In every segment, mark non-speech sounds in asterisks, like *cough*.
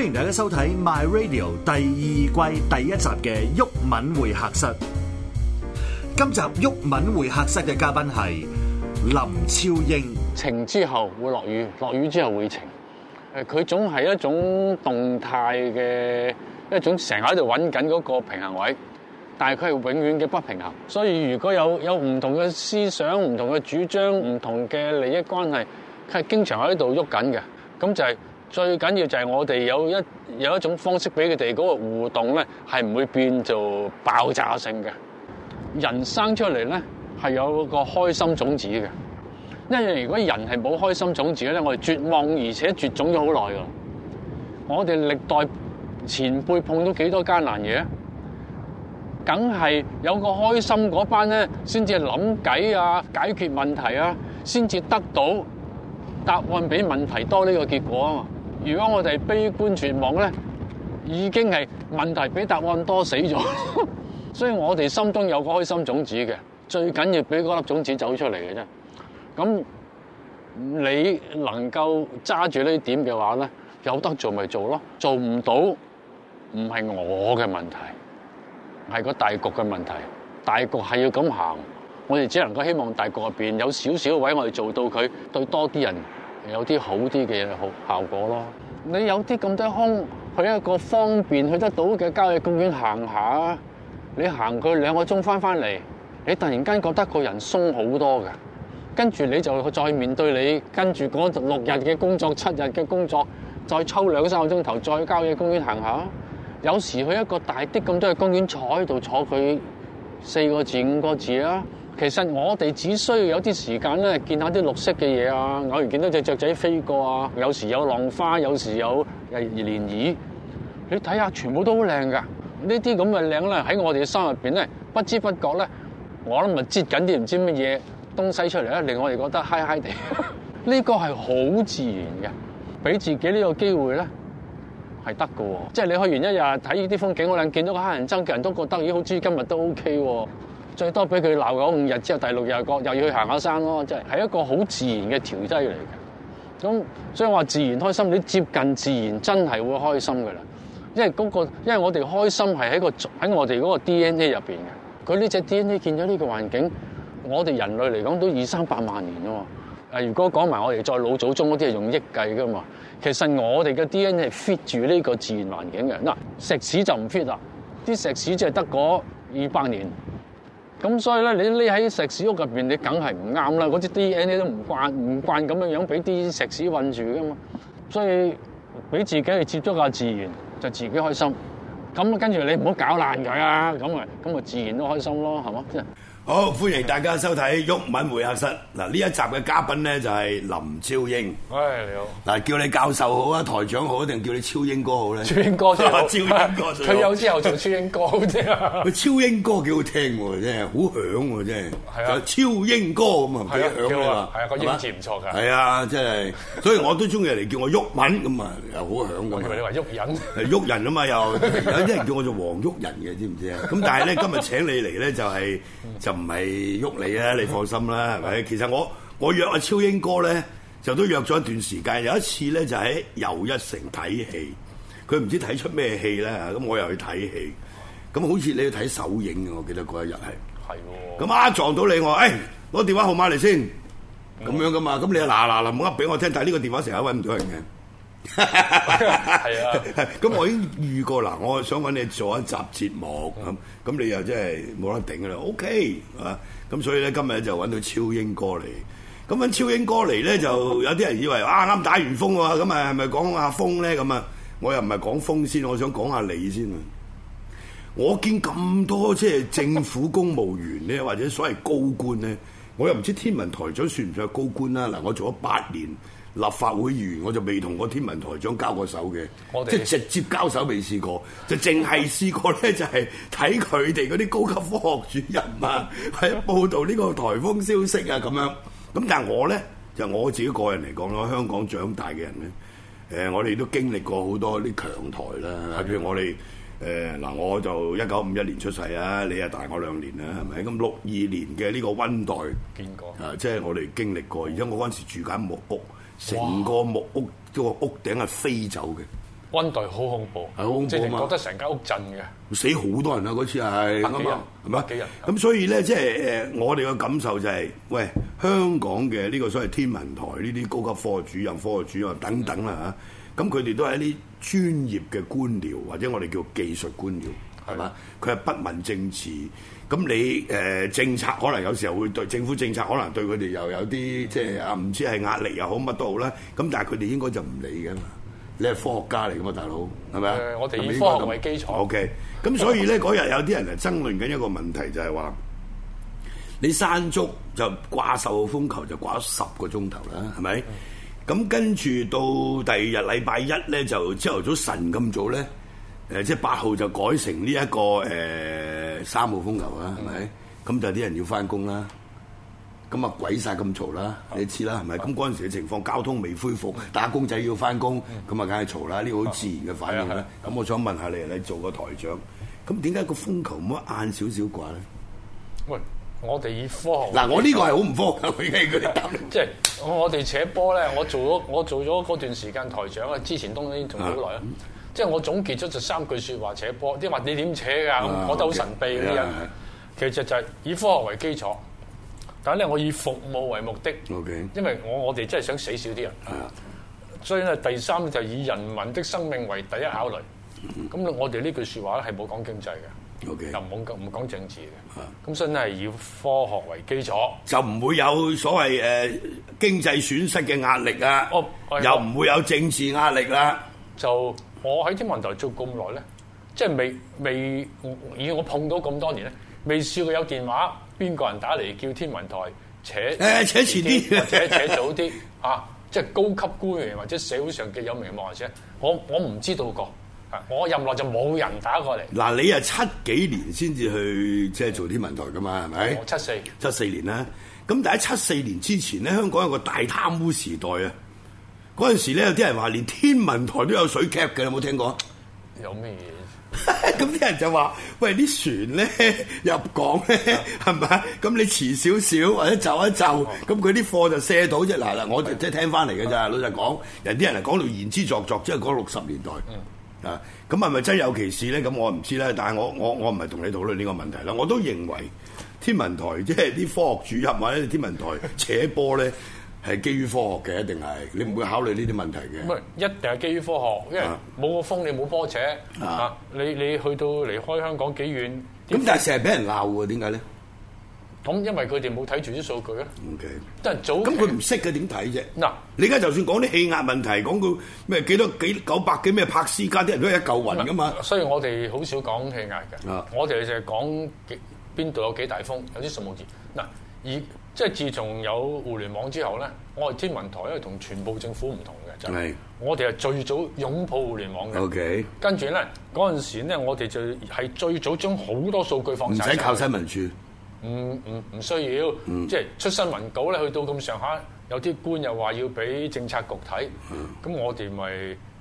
歡迎大家收睇 My Radio 第二季第一集嘅毓民會客室。今集毓民會客室嘅嘉賓係林超英。晴之後會落雨，落雨之後會晴。誒，佢總係一種動態嘅一種，成日喺度搵緊嗰個平衡位，但係佢係永遠嘅不平衡。所以如果有有唔同嘅思想、唔同嘅主張、唔同嘅利益關係，佢係經常喺度喐緊嘅。咁就係、是。最緊要就係我哋有一有一種方式俾佢哋嗰個互動咧，係唔會變做爆炸性嘅。人生出嚟咧，係有個開心種子嘅。因為如果人係冇開心種子咧，我哋絕望而且絕種咗好耐噶。我哋歷代前輩碰到幾多艱難嘢，梗係有個開心嗰班咧，先至諗計啊，解決問題啊，先至得到答案俾問題多呢個結果啊。如果我哋悲觀絕望咧，已經係問題比答案多死咗。 *laughs* 所以我哋心中有個開心種子嘅，最緊要俾嗰粒種子走出嚟嘅啫。咁你能夠揸住呢點嘅話咧，有得做咪做咯，做唔到唔係我嘅問題，係個大局嘅問題。大局係要咁行，我哋只能夠希望大局入邊有少少位我哋做到佢，對多啲人。有啲好啲嘅好效果咯。你有啲咁多空，去一個方便去得到嘅郊野公園行下，你行佢兩個鐘翻返嚟，你突然間覺得個人鬆好多㗎。跟住你就再面對你跟住嗰六日嘅工作、七日嘅工作，再抽兩三個鐘頭再郊野公園行下。有時去一個大啲咁多嘅公園坐喺度坐佢四個字五個字啦、啊。其實我哋只需要有啲時間咧，見下啲綠色嘅嘢啊，偶然見到隻雀仔飛過啊，有時有浪花，有時有誒漣漪，你睇下全部都好靚㗎。這這呢啲咁嘅靚咧，喺我哋嘅心入面咧，不知不覺咧，我諗咪擠緊啲唔知乜嘢東西出嚟咧，令我哋覺得嗨嗨地。呢 *laughs* 個係好自然嘅，俾自己呢個機會咧係得㗎喎。即係你去完一日睇呢啲風景，好靚，見到個黑人憎嘅人都覺得咦，好似今日都 OK 喎、哦。最多俾佢鬧咗五日之後，第六日又又要去行下山咯。即係係一個好自然嘅調劑嚟嘅。咁所以話自然開心，你接近自然真係會開心噶啦。因為嗰、嗰個、因為我哋開心係喺個喺我哋嗰個 D N A 入邊嘅。佢呢隻 D N A 見咗呢個環境，我哋人類嚟講都二三百萬年喎。如果講埋我哋再老祖宗嗰啲係用億計噶嘛，其實我哋嘅 D N A 係 fit 住呢個自然環境嘅嗱石屎就唔 fit 啦，啲石屎就係得嗰二百年。咁所以咧，你匿喺石屎屋入邊，你梗係唔啱啦。嗰啲 DNA 都唔慣唔慣咁樣樣，俾啲石屎困住噶嘛。所以俾自己去接觸下自然，就自己開心。咁、嗯嗯、跟住你唔好搞爛佢啊！咁啊咁啊，自然都開心咯，係嘛？好，歡迎大家收睇毓民會客室。嗱，呢一集嘅嘉賓咧就係林超英。喂，你好。嗱，叫你教授好啊，台長好，一定叫你超英哥好咧？超英哥超英哥，退休之後做超英哥好啫。個超英哥幾好聽，真係好響，真係。係啊，超英哥咁啊，幾響啊嘛。係啊，個英字唔錯噶。係啊，真係。所以我都中意嚟，叫我毓民咁啊，又好響噶。我以為你話毓人，係毓人啊嘛又。有啲人叫我做黃毓人嘅，知唔知啊？咁但係咧，今日請你嚟咧就係又唔係喐你啊！你放心啦，係咪？ *laughs* 其實我我約阿超英哥咧，就都約咗一段時間。有一次咧，就喺又一城睇戲，佢唔知睇出咩戲咧，咁我又去睇戲。咁好似你要睇首映嘅，我記得嗰一日係。係咁啊撞到你，我話欸、攞電話號碼嚟先，咁、嗯、樣噶嘛。咁你啊嗱嗱嗱冇噏俾我聽，但係呢個電話成日揾唔到人嘅。係 *laughs* *laughs* 啊，咁 *laughs* 我已經預過啦，我想揾你做一集節目咁，咁 *laughs* 你又真係冇得頂啦。O、okay, K，啊，咁所以咧今日就揾到超英哥嚟，咁揾超英哥嚟咧，就有啲人以為啊啱打完風喎，咁啊係咪講阿風咧？咁啊，我又唔係講風先，我想講下你先啊。我見咁多即係政府公務員咧， *laughs* 或者所謂高官咧，我又唔知天文台長算唔算係高官啦？嗱，我做咗八年，立法會議員我就未同個天文台長交過手嘅，即係我們 直接交手未試過，就淨係試過咧，就係睇佢哋嗰啲高級科學主任啊，喺 *laughs* 報道呢個颱風消息啊咁樣。咁但係我咧就我自己個人嚟講啦，我香港長大嘅人咧，誒、呃、我哋都經歷過好多啲強台啦，譬的如我哋誒嗱，我就一九五一年出世啊，你又大我兩年啦，係咪？咁六二年嘅呢個溫黛，經過啊，即、就、係、是、我哋經歷過，而家我嗰陣時住緊木屋。成個木屋，個屋頂係飛走嘅，溫度好恐怖，好恐怖，即係覺得成間屋震嘅，死好多人啊！嗰次係，係咪幾人？咁所以咧，嗯、即係、呃、我哋嘅感受就係、是、喂香港嘅呢個所謂天文台呢啲高級科學主任、科學主任等等啦，咁佢哋都係一啲專業嘅官僚，或者我哋叫技術官僚係嘛？佢係是的 不問政治。咁你、呃、政策可能有時候會對政府政策可能對佢哋又有啲即係啊，唔知係壓力又好乜都好啦。咁但係佢哋應該就唔理嘅嘛。你係科學家嚟㗎嘛，大佬係咪我哋以科學為基礎。O K。咁所以咧嗰日有啲人嚟爭論緊一個問題就係話，你山竹就掛受風球就掛咗十個鐘頭啦，係咪？咁跟住到第二、呃、日禮拜一咧就朝頭早晨咁早咧即係八號就改成呢、這、一個、呃三號風球啦，係咪？咁、嗯、就啲人要翻工啦，咁啊鬼晒咁嘈啦，嗯、你知啦，係咪？咁嗰陣時嘅情況，交通未恢復，打工仔要翻工，咁啊梗係嘈啦，呢個好自然嘅反應啦。咁、嗯嗯、我想問下你，你做個台長，咁點解個風球唔可以晏少少啩咧？喂！我哋以科學嗱，我呢個係好唔科學嘅，佢即係我哋扯波咧。我做咗我做咗嗰段時間台長啊，之前當然做咗好耐啦。即係我總結咗就三句説話扯波，即係話你點扯㗎？我覺得好神秘嗰啲嘢。其實就係以科學為基礎，但係咧我以服務為目的，okay 因為我我哋真係想死少啲人。啊、所以咧第三就是、以人民的生命為第一考慮。咁、啊、我哋呢句説話咧係冇講經濟嘅。就唔好唔講唔講政治嘅，咁真係以科學為基礎，就唔會有所謂誒經濟損失嘅壓力啊！又唔會有政治壓力啦。就我喺天文台做咁耐咧，即係未未以我碰到咁多年咧，未試過有電話邊個人打嚟叫天文台扯誒扯遲啲，或者扯早啲嚇，即係高級官員或者社會上嘅有名望者，我我唔知道過。我任內就冇人打過嚟。嗱，你啊七幾年先至去即係做天文台㗎嘛？係咪、嗯哦？七四年。七四年啦。咁但係七四年之前咧，香港有個大貪污時代啊。嗰陣時咧，有啲人話連天文台都有水客嘅，有冇聽過？有咩嘢？咁啲 *laughs* 人就話：，喂，啲船咧入港咧，係咪、啊？咁你遲少少或者走一走，咁佢啲貨就卸到啫。嗱嗱，我即係聽翻嚟㗎咋老實講，人啲人嚟講到言之鑿鑿，即係講六十年代。嗯啊！咁係咪真有其事咧？咁我唔知啦。但係我我我唔係同你討論呢個問題啦。我都認為天文台即係啲科學主任或者天文台扯波咧，係基於科學嘅、嗯，一定係你唔會考慮呢啲問題嘅。唔係一定係基於科學，因為冇個風、啊、你冇波扯啊！你你去到離開香港幾遠？咁但係成日俾人鬧喎？點解咧？咁，因為佢哋冇睇住啲數據咧。O K，即係早咁佢唔識嘅點睇啫。嗱，啊、你而家就算講啲氣壓問題，講到咩幾多幾九百幾咩帕斯加啲人都係一嚿雲噶嘛、啊。所以我哋好少講氣壓嘅。啊、我哋就係講幾邊度有幾大風，有啲數目字。嗱、啊，而即係自從有互聯網之後咧，我哋天文台因為同全部政府唔同嘅，是就係我哋係最早擁抱互聯網嘅。O Okay . K，跟住咧嗰陣時咧，我哋就係最早將好多數據放。唔使靠新聞處。唔唔唔需要，嗯、即係出新聞稿咧，去到咁上下，有啲官又話要俾政策局睇，咁、嗯、我哋咪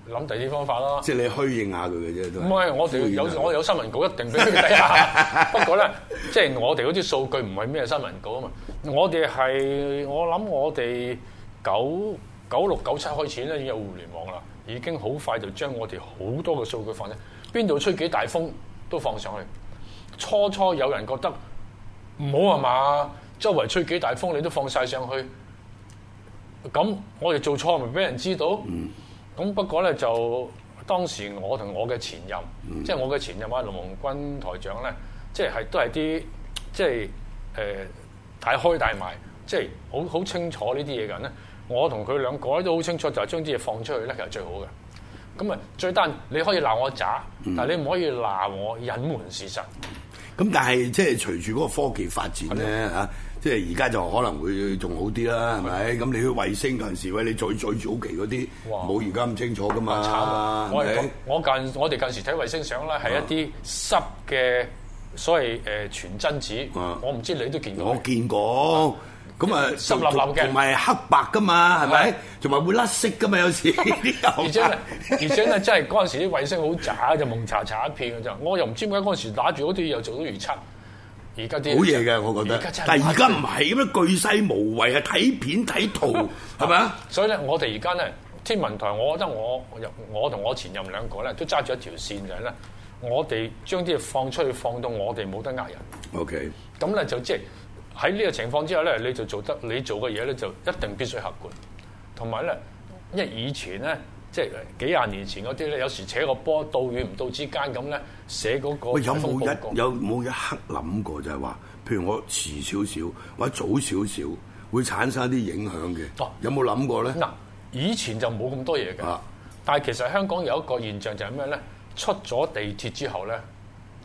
諗第二啲方法咯。即係你虛應下佢嘅啫。唔係我哋有我有新聞稿一定俾佢睇下， *laughs* 不過咧，即係 *laughs* 我哋嗰啲數據唔係咩新聞稿啊嘛。我哋係我諗我哋九九六九七開始咧，已經有互聯網啦，已經好快就將我哋好多嘅數據放咗，邊度吹幾大風都放上去。初初有人覺得。唔好啊嘛！周圍吹幾大風，你都放晒上去。咁我哋做錯咪俾人知道。咁、嗯、不過咧，就當時我同我嘅前任，嗯、即係我嘅前任呀龍，龍軍台長咧，即係係都係啲即係誒、呃、大開大賣，即係好好清楚呢啲嘢嘅人咧。我同佢兩個都好清楚，就係將啲嘢放出去咧，其實最好嘅。咁啊，最簡單，你可以鬧我渣，但係你唔可以鬧我隱瞞事實。咁但係即係隨住嗰個科技發展咧嚇，即係而家就可能會仲好啲啦，係咪？咁你去衛星嗰陣時喂，你最最早期嗰啲冇而家咁清楚噶嘛？慘啊，我係講我近我哋近時睇衛星相咧，係一啲濕嘅所謂誒全真紙，我唔知你都見過。我見過。咁啊，濕立立嘅，唔係黑白噶嘛，係咪？同埋的會甩色噶嘛，有時候 *laughs* 白而且呢， *laughs* 而且咧，即係嗰陣時啲衛星好渣，就蒙查查一片嘅啫。我又唔知點解嗰陣時打住嗰啲又做到預測。而家啲好嘢嘅，我覺得。現在是，但係而家唔係咁樣，巨細無遺啊，睇片睇圖，係咪啊？所以咧，我哋而家咧天文台，我覺得我我同我前任兩個咧都揸住一條線就係咧，我哋將啲嘢放出去，放到我哋冇得呃人。OK。咁咧就即係。喺呢個情況之下咧，你就做得你做嘅嘢咧，就一定必須客觀。同埋咧，因為以前咧，即係幾廿年前嗰啲咧，有時扯個波到與唔到之間咁咧，寫嗰個。有冇一有冇一刻諗過就係話，譬如我遲少少，或者早少少，會產生啲影響嘅。有冇諗過咧？嗱、啊，以前就冇咁多嘢嘅。啊、但係其實香港有一個現象就係咩咧？出咗地鐵之後咧，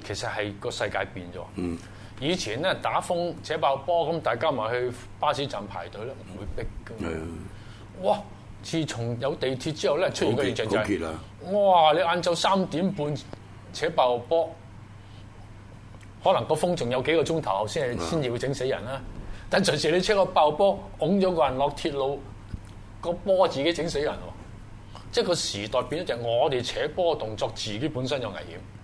其實係個世界變咗。嗯。以前咧，打風扯爆波，咁大家咪去巴士站排隊咯，唔會逼㗎。哇！自從有地鐵之後咧，出現嘅現象就係、是，哇！你晏晝三點半扯爆波，可能個風仲有幾個鐘頭先係先至會整死人啦。等是的 隨時你車個爆波，拱咗個人落鐵路，個波自己整死人喎。即係個時代變咗，就係我哋扯波動作自己本身有危險。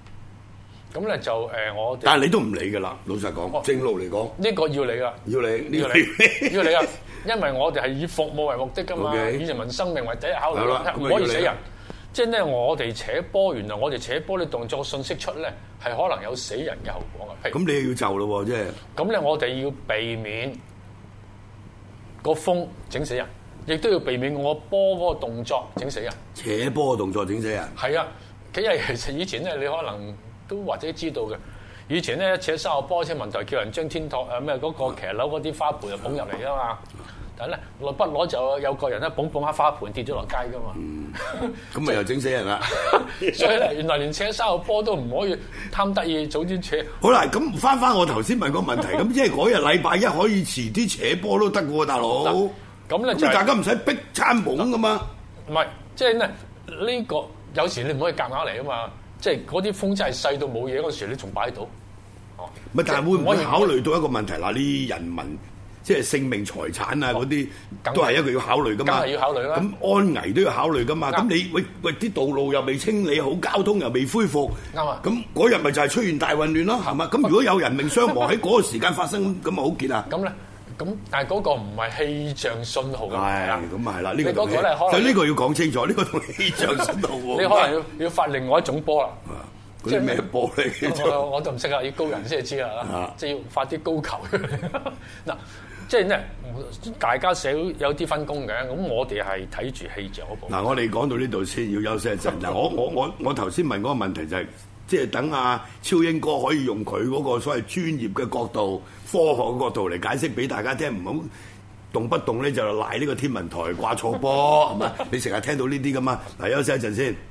咁咧就誒我哋，但係你都唔理嘅啦，老實講，正路嚟講，呢個要理噶，要理呢個要理啊，因為我哋係以服務為目的噶嘛，以人民生命為第一考慮，唔可以死人。即係咧，我哋扯波，原來我哋扯波啲動作信息出咧，係可能有死人嘅後果啊。咁你又要就咯喎，即係。咁咧，我哋要避免個風整死人，亦都要避免我波嗰個動作整死人。扯波嘅動作整死人。係啊，其實以前咧，你可能。都或者知道嘅，以前咧扯三號波，嘅問題叫人將天台，誒咩嗰個騎樓嗰啲花盆啊捧入嚟啊嘛，但係咧來不攞就有個人咧捧一捧下花盆跌咗落街噶嘛，咁咪又整死人啦！ *laughs* *laughs* 所以咧，原來連扯三號波都唔可以貪得意，早啲扯。好啦，咁翻翻我頭先問個問題，咁 *laughs* 即係嗰日禮拜一可以遲啲扯波都得嘅喎，大佬。咁咧就咁、是，大家唔使逼餐捧嘅嘛。唔係，即係咧呢、這個有時你唔可以夾硬嚟啊嘛。即係嗰啲風真係細到冇嘢嗰陣時，你仲擺喺度？哦，咪但係會唔會考慮到一個問題？嗱，呢人民即係性命、財產啊嗰啲，都係一個要考慮㗎嘛。梗係要考慮啦。咁安危都要考慮㗎嘛。咁你喂喂啲道路又未清理好，交通又未恢復。啱啊。咁嗰日咪就係出現大混亂咯，係嘛？咁如果有人命傷亡喺嗰個時間發生，咁咪好結啊？咁咧。咁，但係嗰個唔係氣象信號嘅，係咁係啦。呢個，個可能，所以呢個要講清楚，呢個同氣象信號喎。 *laughs* 你可能要要發另外一種波啦，即係咩波嚟 *laughs* 我就唔識啦，要高人先知啦。即係 *laughs* 要發啲高球。嗱，即係咧，大家社有啲分工嘅，咁我哋係睇住氣象嗰部。嗱，我哋講到呢度先，要休息一陣。 *laughs* 我我我我頭先問嗰個問題就係。即係等阿超英哥可以用佢嗰個所謂專業嘅角度，科學嘅角度嚟解釋俾大家聽，唔好動不動咧就賴呢個天文台掛錯波， *laughs* 係咪？你成日聽到呢啲咁嘛。嗱，休息一陣先。